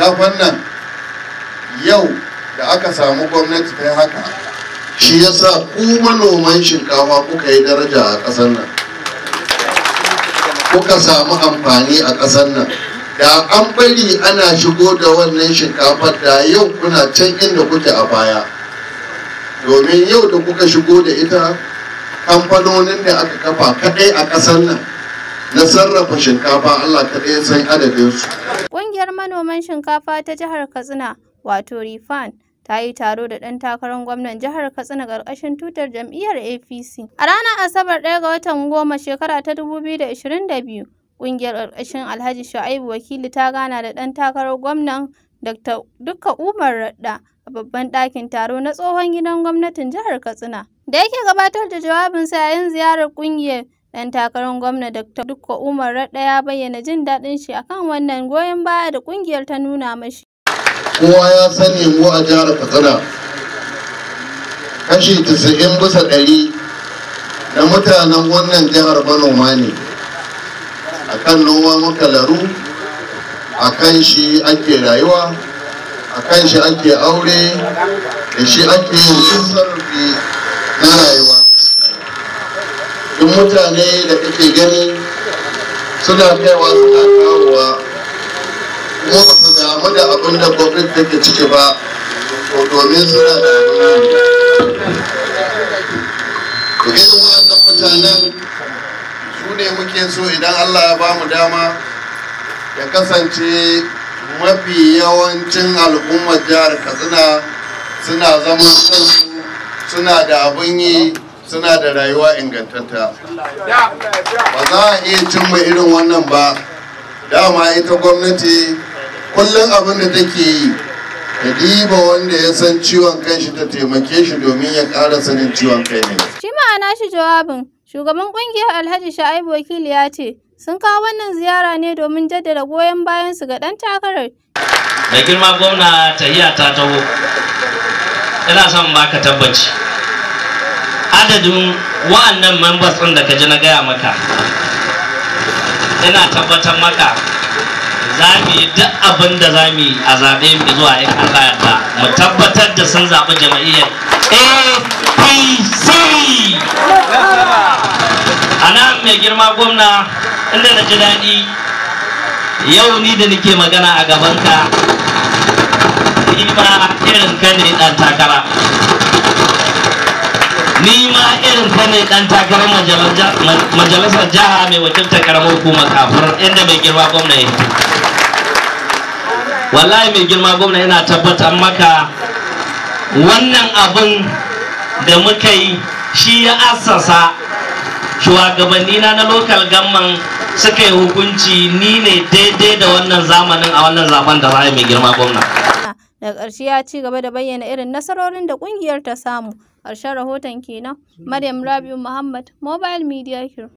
shinkafan nan yau da aka samu gwamnati ta haka shi yasa ku manoman shinkafa kuka yi daraja a ƙasar nan kuka samu amfani a ƙasar nan da an bari ana shigo da wannan shinkafar da yau kuna can inda kuke a baya domin yau da kuka shigo da ita kamfanonin da aka kafa kaɗai a ƙasar nan na sarrafa shinkafa allah kaɗai san adadinsu Ƙungiyar manoman shinkafa ta jihar Katsina, wato RIFAN, ta yi taro da ɗan takarar gwamnan jihar Katsina ƙarƙashin tutar jam'iyyar APC. A ranar Asabar 1 ga watan goma shekara ta 2022, ƙungiyar ƙarƙashin Alhaji Shu'aibu Wakili ta gana da ɗan takarar gwamnan Dr. Dukka Umar Radda a babban ɗakin taro na tsohon gidan gwamnatin jihar Katsina. Da yake gabatar da jawabinsa yayin ziyarar ƙungiyar Ɗan takarar gwamna Dr. Dukko Umar raɗa ya bayyana jin daɗin shi akan wannan goyon baya da ƙungiyar ta nuna mashi. Kowa ya sani mu a jihar Katsina kashi 90 bisa ɗari na mutanen wannan jihar manoma ne. a kan noma makalaru, laru, kan shi ake rayuwa, a kan shi ake aure, da shi ake yin sarrafi na rayuwa. in mutane da kake gani suna kaiwa suna kawowa kuma ba su damu da abin da gwamnati take ciki ba domin suna da abin irin wannan mutanen su ne muke so idan allah ya ba mu dama ya kasance mafi yawancin al'ummar jihar katsina suna zama suna da abin yi suna da rayuwa ingantatta ba za a iya cimma irin wannan ba dama ita gwamnati kullum abin da take yi ta diba wanda ya san ciwon kai shi ta taimake shi domin ya kara sanin ciwon kai ne shi ma'ana shi jawabin shugaban ƙungiyar alhaji sha'ibu wakili ya ce sun kawo wannan ziyara ne domin jaddada goyon bayan su ga dan takarar da girma gwamna tahiya ta taho ina son baka tabbaci adadin wa'annan members ɗin da ka ji na gaya maka ina tabbatar maka za mu yi duk abin da za mu yi a zaɓe mu zuwa yin Allah yadda mu tabbatar da sun zaɓi jama'iyyar APC a nan mai girma gwamna inda na ji daɗi yau ni da nake magana a gabanka ni ba irin ka ne ɗan takara ni ma irin fa ne kan takarar majalisar jiha mai wakiltar karamar hukumar kafin inda mai girma gwamna ya wallahi mai girma gwamna yana tabbatar maka wannan abin da muka yi shi ya assasa shugabanni na na lokal gamman suka yi hukunci ni ne daidai da wannan zamanin a wannan zaben da za mai girma gwamna daga ƙarshe ya ci gaba da bayyana irin nasarorin da ƙungiyar ta samu ƙarshen rahoton kenan maryam rabiu muhammad mobile media group